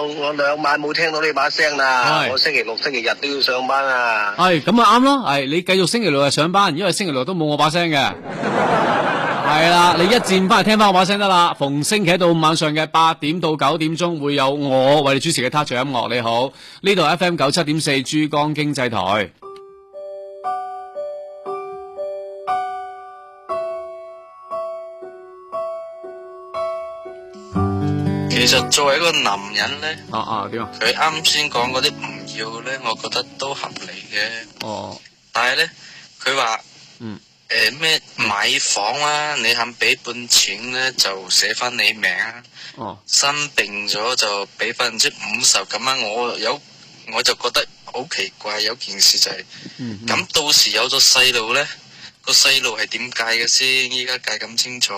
我，我兩晚冇聽到呢把聲啦，是我星期六、星期日都要上班啊。係咁啊，啱咯。係你繼續星期六日上班，因為星期六都冇我把聲嘅。係啦， 你一轉翻嚟聽翻我把聲得啦。逢星期一到晚上嘅八點到九點鐘，會有我為你主持嘅 Touch 音樂。你好，呢度 FM 九七點四珠江經濟台。其實作為一個男人咧，啊啊點啊，佢啱先講嗰啲唔要咧，我覺得都合理嘅。哦，但係咧，佢話，嗯，誒咩買房啊，你肯俾半錢咧就寫翻你名啊。哦，生病咗就俾百分之五十咁啊，我有我就覺得好奇怪，有件事就係，嗯，咁到時有咗細路咧，個細路係點計嘅先？依家計咁清楚，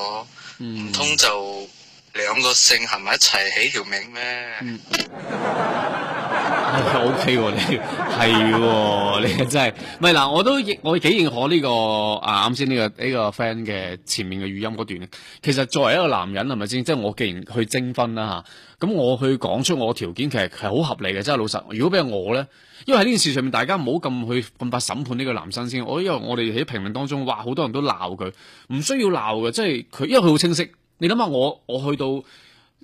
唔通就？兩個姓行埋一齊起，起一條名咩？嗯，OK 喎，你係喎，哦，你真係唔係嗱，我都我幾認可呢，這個啊，啱先呢個呢，這個 friend 嘅前面嘅語音嗰段。其實作為一個男人係咪先？即係，就是，我既然去徵婚啦吓，咁，啊，我去講出我條件，其實係好合理嘅。即係老實，如果俾我咧，因為喺呢件事上面，大家唔好咁去咁快審判呢個男生先。我因為我哋喺評論當中，哇，好多人都鬧佢，唔需要鬧嘅。即係佢，因為佢好清晰。你諗下我我去到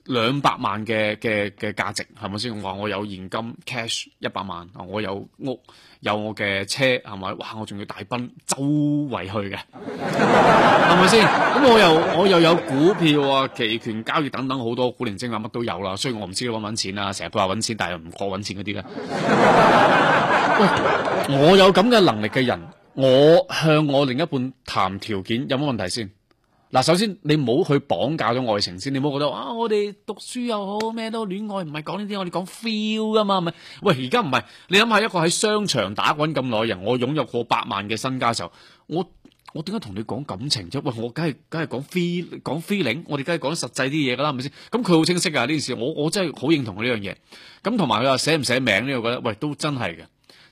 兩百萬嘅嘅嘅價值係咪先？我話我有現金 cash 一百萬啊，我有屋有我嘅車係咪？哇！我仲要大奔周圍去嘅，係咪先？咁我又我又有股票啊、期權交易等等好多古靈精啊，乜都有啦。雖然我唔知佢搵唔搵錢啦，成日都話搵錢，但係唔過搵錢嗰啲嘅。 喂，我有咁嘅能力嘅人，我向我另一半談條件，有冇問題先？嗱，首先你冇去綁架咗愛情先，你冇覺得啊，我哋讀書又好，咩都戀愛唔係講呢啲，我哋講 feel 噶嘛，係咪？喂，而家唔係，你諗下一個喺商場打滾咁耐人，我擁有過百萬嘅身家嘅時候，我我點解同你講感情啫？喂，我梗係梗係講 feel，講 feeling，我哋梗係講實際啲嘢噶啦，係咪先？咁佢好清晰㗎。呢件事，我我真係好認同呢樣嘢。咁同埋佢話寫唔寫名呢？我覺得喂，都真係嘅，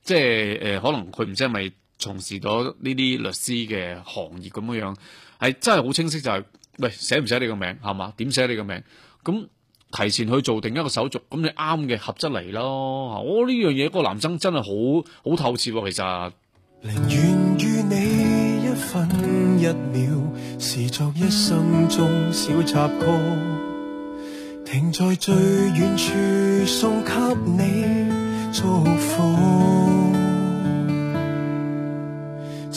即係誒、呃，可能佢唔知係咪從事咗呢啲律師嘅行業咁樣。是真係好清晰就係、是、喂，寫唔寫你個名係咪？點寫你個名，咁提前去做定一個手續，咁你啱嘅合則嚟囉。我呢樣嘢個男生真係好好透徹喎、啊、其實。寧願與你一分一秒視作一生中小插曲，停在最遠處送給你祝福。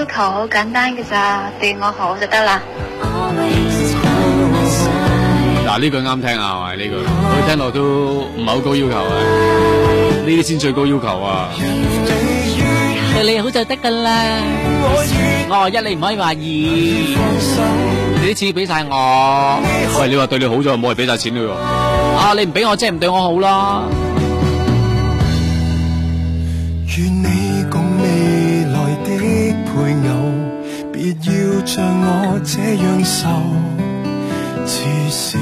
要求好簡單嘅咋，對我好就得啦。嗱，呢句啱聽啊，係咪呢句？啊，這個、聽落都唔係好高要求啊，呢啲先最高要求啊。 對你好就得噶啦。我話、 哦、一你唔可以話二，你啲錢俾晒我。喂，你話對你好咗，冇係俾晒錢咯。 啊，你唔俾我即係唔對我好咯。 配偶，別要像我這樣瘦，至少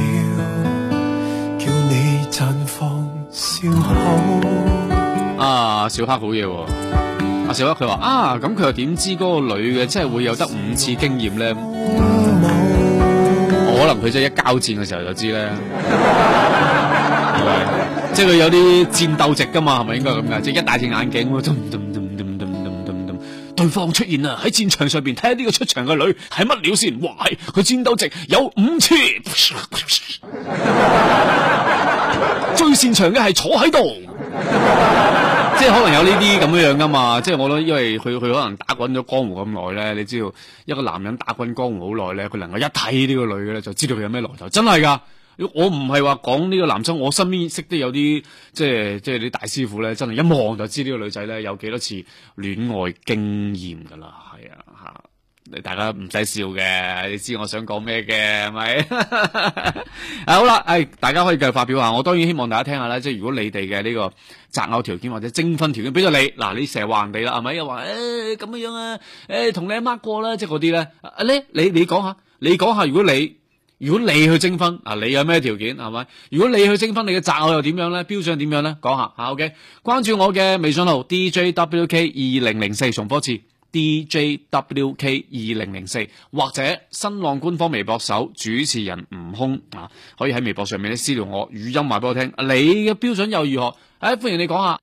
叫你綻放笑口。啊，小黑好嘢、哦！啊，小黑佢話啊，咁佢又點知嗰個女嘅真係會有得五次經驗咧、嗯嗯嗯嗯嗯？可能佢真係一交戰嘅時候就知咧，即係佢有啲戰鬥值噶嘛，係咪應該咁嘅？即係 一大隻眼鏡都唔對方出現啊！喺戰場上邊睇下呢個出場嘅女係乜料先？哇！佢戰鬥值有五千， 最擅長嘅係坐喺度， 即係可能有呢啲咁樣樣噶嘛。即係我諗，因為佢佢可能打滾咗江湖咁耐咧，你知道一個男人打滾江湖好耐咧，佢能夠一睇呢個女嘅咧，就知道佢有咩來頭，真係噶。我唔係話講呢個男生，我身邊識得有啲即係即係啲大師傅咧，真係一望就知呢個女仔咧有幾多次戀愛經驗㗎啦，係啊嚇，你大家唔使笑嘅，你知我想講咩嘅係咪？ 好啦、哎，大家可以繼續發表下。我當然希望大家聽下啦，即係如果你哋嘅呢個擇偶條件或者徵婚條件俾咗你，嗱，你成日話人哋啦係咪？又話誒，咁樣啊，誒同、欸、你阿媽過啦，即係嗰啲咧。咧，你你講下，你講下如果你。如果你去徵婚，啊，你有咩條件係咪？如果你去徵婚，你嘅擇偶又點樣呢？標準點樣呢？講下吓，啊，OK？關注我嘅微信號 D J W K 二零零四重複次 D J W K 二零零四，或者新浪官方微博搜主持人悟空啊，可以喺微博上面咧私聊我，語音話俾我聽，你嘅標準又如何？誒，哎，歡迎你講下，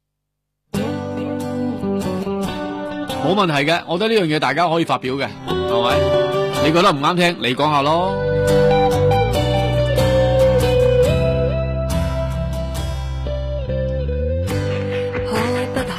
冇問題嘅，我覺得呢樣嘢大家可以發表嘅，係咪？你覺得唔啱聽，你講下咯。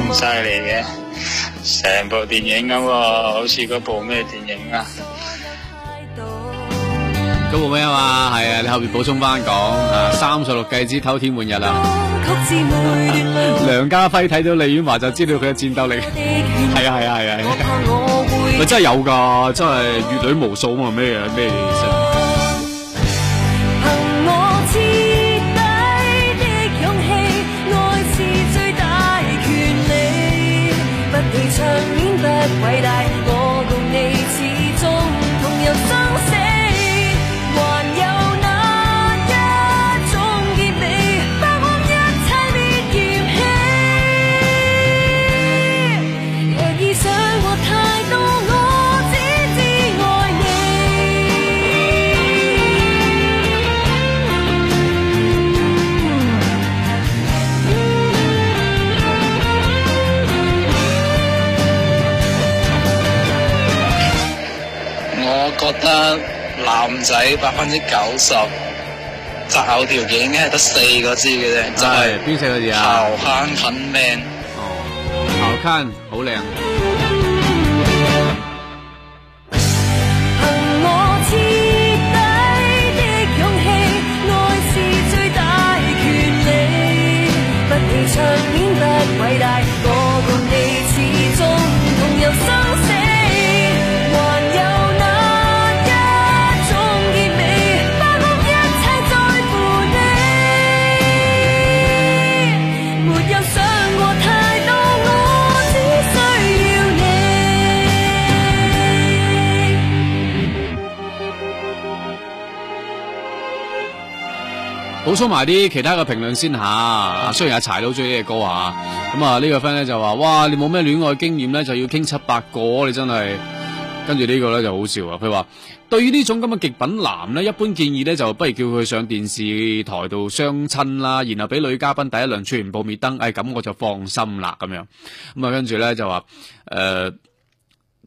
咁犀利嘅，成 部電影咁，好似嗰部咩電影啊？做咩嘛？係啊，你後邊補充翻講啊，三十六計之偷天換日啦。 梁家輝睇到李婉華就知道佢嘅戰鬥力，係啊係啊係啊，咪、啊啊啊、 真係有噶，真係閱女無數啊咩樣咩樣。男仔百是、就是、分之九十擇偶條件應該係得四個字嘅，邊四個字啊？啫，就係潮慳狠命。哦，潮慳好靚。嗯出埋啲其他嘅評論先吓，雖然係柴佬中意嘅歌吓，咁啊呢個 friend 咧就話：哇，你冇咩戀愛經驗咧，就要傾七八個，你真係。跟住呢個咧就好笑啊！佢話對於呢種咁嘅極品男咧，一般建議咧，就不如叫佢上電視台度相親啦，然後俾女嘉賓第一輪全部滅燈，誒，咁我就放心啦，咁樣。咁啊，跟住咧就話，誒，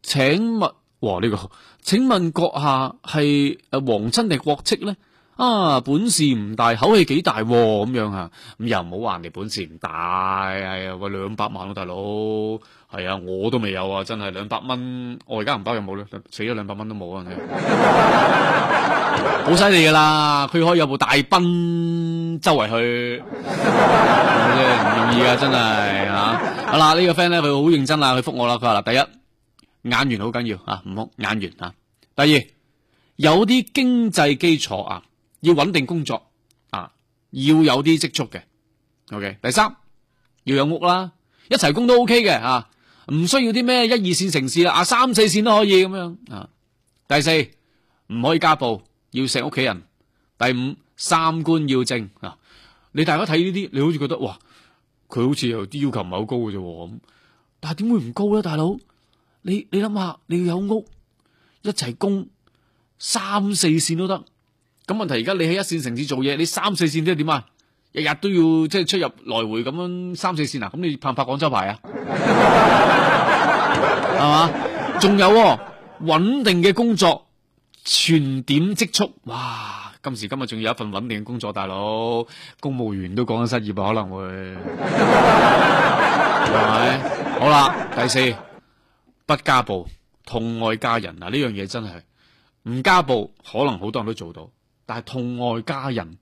請問，呢個，請問閣下係誒皇親定國戚咧？啊本事唔大，口氣幾大咁樣啊？咁又唔好話人哋本事唔大，係、喂、啊，兩百萬咯，大佬，係啊，我都未有啊，真係兩百蚊，我而家唔包又冇咧，死咗兩百蚊都冇啊！好犀利噶啦，佢可以有部大奔周圍去，真係唔容易啊！真係啊，好啦，呢個 friend 咧，佢好認真啦，佢復我啦，佢話第一眼緣好緊要啊，唔好眼緣啊，第二有啲經濟基礎啊。要穩定工作啊，要有啲積蓄嘅。OK，第三要有屋啦，一齊供都 OK 嘅吓，唔需要啲咩一二線城市啦，啊三四線都可以咁樣啊。第四唔可以家暴，要錫屋企人。第五三觀要正嗱，你大家睇呢啲，你好似覺得哇，佢好似有啲要求唔係好高嘅啫咁，但係點會唔高咧？大佬，你你諗下，你要有屋一齊供，三四線都得。咁問題而家你喺一線城市做嘢，你三四線即係點啊？日日都要即係出入來回咁樣三四線啊！咁你怕唔怕廣州牌啊？係嘛？仲有穩定嘅工作存點積蓄，哇！今時今日仲有一份穩定嘅工作，大佬公務員都講緊失業啊，可能會係咪？好啦，第四不家暴，痛愛家人啊，呢樣嘢真係唔家暴，可能好多人都做到。但係痛愛家人，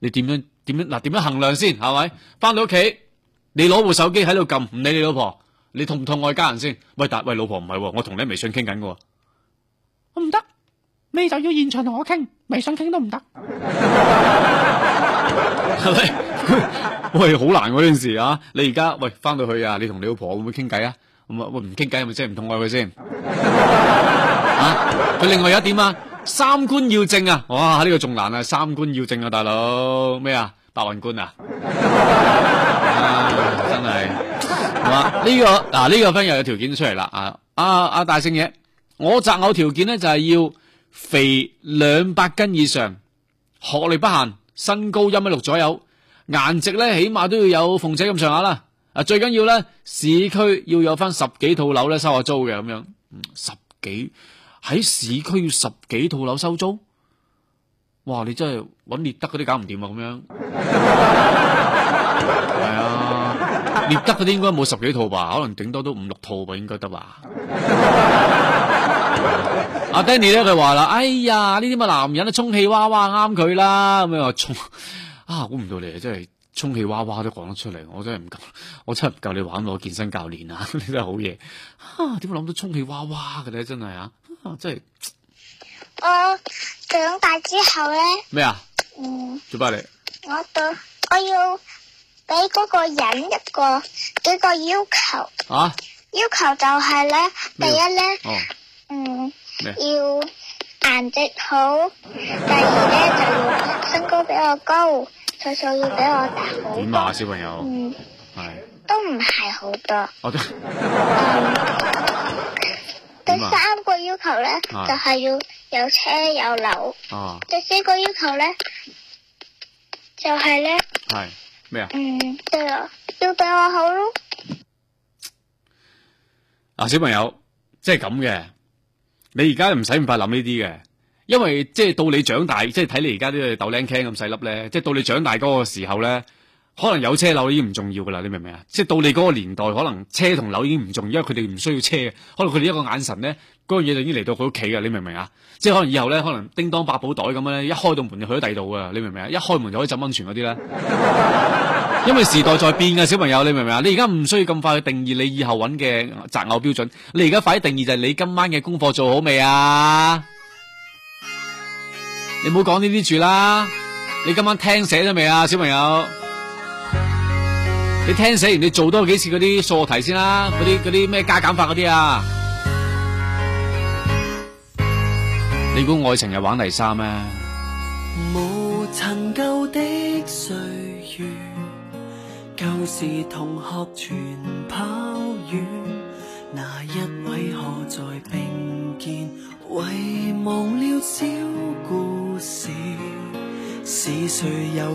你點樣點樣嗱？點樣衡量先係咪？翻到屋企，你攞部手機喺度撳，唔理你老婆，你痛唔痛愛家人先？喂，但喂老婆唔係，我同你微信傾緊嘅，我唔得，你就要現場同我傾，微信傾都唔得，係咪？喂，好難嗰陣時啊！你而家喂翻到去啊，你同你老婆會唔會傾偈啊？唔喂唔傾偈係咪？即係唔痛愛佢先啊！佢另外有一點啊。三觀要正啊！哇，呢、這個仲難啊！三觀要正啊，大佬咩啊？白雲觀啊！真係係嘛？呢、啊這個嗱呢、啊這個分又有條件出嚟啦！啊啊大聖爺，我擇偶條件呢，就係、是、要肥兩百斤以上，學歷不限，身高一米六左右，顏值呢，起碼都要有鳳姐咁上下啦！啊，最緊要呢，市區要有翻十幾套樓呢收下租嘅咁樣，十幾。喺市區要十幾套樓收租，哇！你真係揾獵德嗰啲搞唔掂啊！咁樣係 啊，獵德嗰啲應該冇十幾套吧，可能頂多都五六套吧，應該得吧？阿、 啊啊、Danny 咧，佢話啦，哎呀，呢啲嘅男人都充氣娃娃啱佢啦！咁樣話充啊，估唔到你真係充氣娃娃都講得出嚟，我真係唔夠，我真係唔夠你玩我健身教練啊，你真係好嘢啊！點解諗到充氣娃娃嘅咧？真係啊！即係我長大之後咧，咩啊，嗯，做乜你？我我我要俾嗰個人一個幾個要求啊，要求就係咧，第一咧，嗯，要顏值好，第二咧就要身高比我高，歲數要比我大好多。點啊小朋友？嗯，係都唔係好多哦，對三個要求咧，是就係要有車有樓。哦、啊，第四個要求咧，就係、是、咧，係咩啊？嗯，係啊，要對我好咯。啊，小朋友，即係咁嘅，你而家唔使咁快諗呢啲嘅，因為即係、就是、到你長大，即係睇你而家啲豆零丁咁細粒咧，即係、就是、到你長大嗰個時候咧。可能有車樓已經唔重要噶啦，你明唔明啊？即到你嗰個年代，可能車同樓已經唔重要，因為佢哋唔需要車。可能佢哋一個眼神咧，嗰樣嘢就已經嚟到佢屋企噶，你明唔明啊？即可能以後咧，可能叮當八寶袋咁樣咧，一開到門就去咗第二度㗎。你明唔明啊？一開門就可以浸溫泉嗰啲咧， 因為時代在變嘅、啊、小朋友，你明唔明啊？你而家唔需要咁快去定義你以後揾嘅擇偶標準，你而家快啲定義就係你今晚嘅功課做好未啊？你唔好講呢啲住啦，你今晚聽寫咗未啊，小朋友？你聽死完，你做多幾次嗰啲數學題先啦、啊，嗰啲啲咩加減法嗰啲啊！你估愛情係玩泥沙咩？無曾的歲月，舊時同學全拋遠，哪一位並肩，遺忘了小故事。了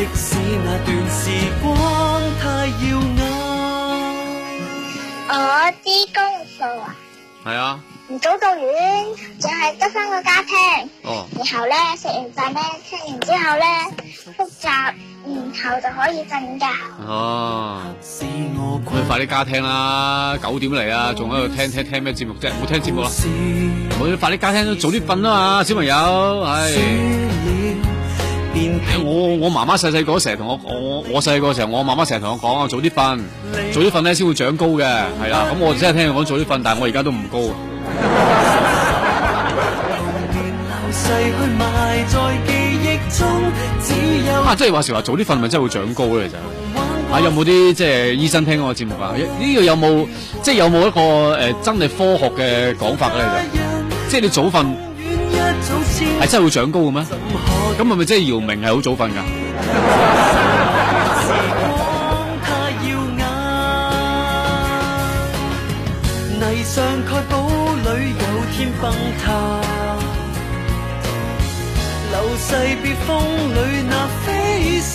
即使那段時光太耀眼，我啲功課啊。係啊，唔早到遠，淨係得翻個家聽，然後咧，食完飯咧聽完之後咧，復習，然後就可以瞓覺。哦，你快啲家聽啦，九點嚟啊，仲喺度聽聽聽咩節目啫？冇聽節目啦，我要快啲家聽，早啲瞓啊嘛，小朋友係。嗯、我我媽媽細細個成日同我我我細個時候，我媽媽成日同我講啊，早啲瞓，早啲瞓咧先會長高嘅，係啦。咁、嗯、我真係聽佢講早啲瞓，但係我而家都唔高 啊。即係話時話早啲瞓咪真係會長高咧？其實啊有冇啲即係醫生聽我節目啊？呢、這個有冇即係有冇、就是、一個誒、呃、真係科學嘅講法咧？就即、是、係你早瞓係真係會長高嘅咩？咁係咪即係姚明係好早瞓㗎？時光太耀眼，泥上蓋堡裏有天崩塌，流逝別風裏那飛沙。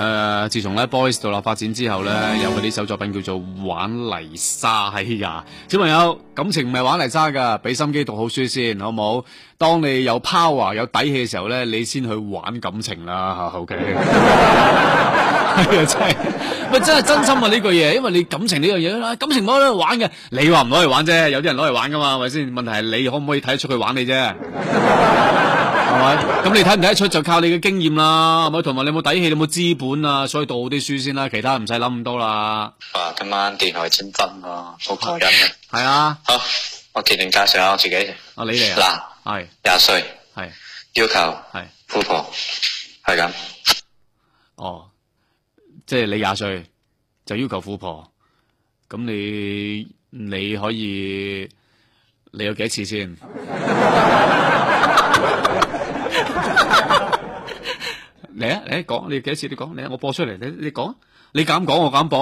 誒、呃，自從咧 boys 獨立發展之後咧，有嗰啲首作品叫做玩泥沙、哎、呀。小朋友，感情唔係玩泥沙噶，俾心機讀好書先，好唔好？當你有 power 有底氣嘅時候咧，你先去玩感情啦。吓，O K。係啊，真係，真係真心啊呢句嘢，因為你感情呢樣嘢啦，感情攞嚟玩嘅，你話唔攞嚟玩啫，有啲人攞嚟玩噶嘛，係咪先？問題係你可唔可以睇得出佢玩你啫？ 係咪？咁、嗯、你睇唔睇得出就靠你嘅經驗啦，係咪？同埋你冇底氣，你冇資本啊？所以讀好啲書先啦，其他唔使諗咁多啦。啊，今晚電台徵婚啊，好開心啊！係啊，好，我決定介紹下我自己。你嚟？啊？嗱、啊，係廿歲，係要求係富婆，係咁。哦，即係你廿歲就要求富婆，咁你你可以你有幾多次先？ 來啊來啊，你，你來啊，你講你幾多次，你講你啊，我播出來，你講你，你，你，你敢講我敢播。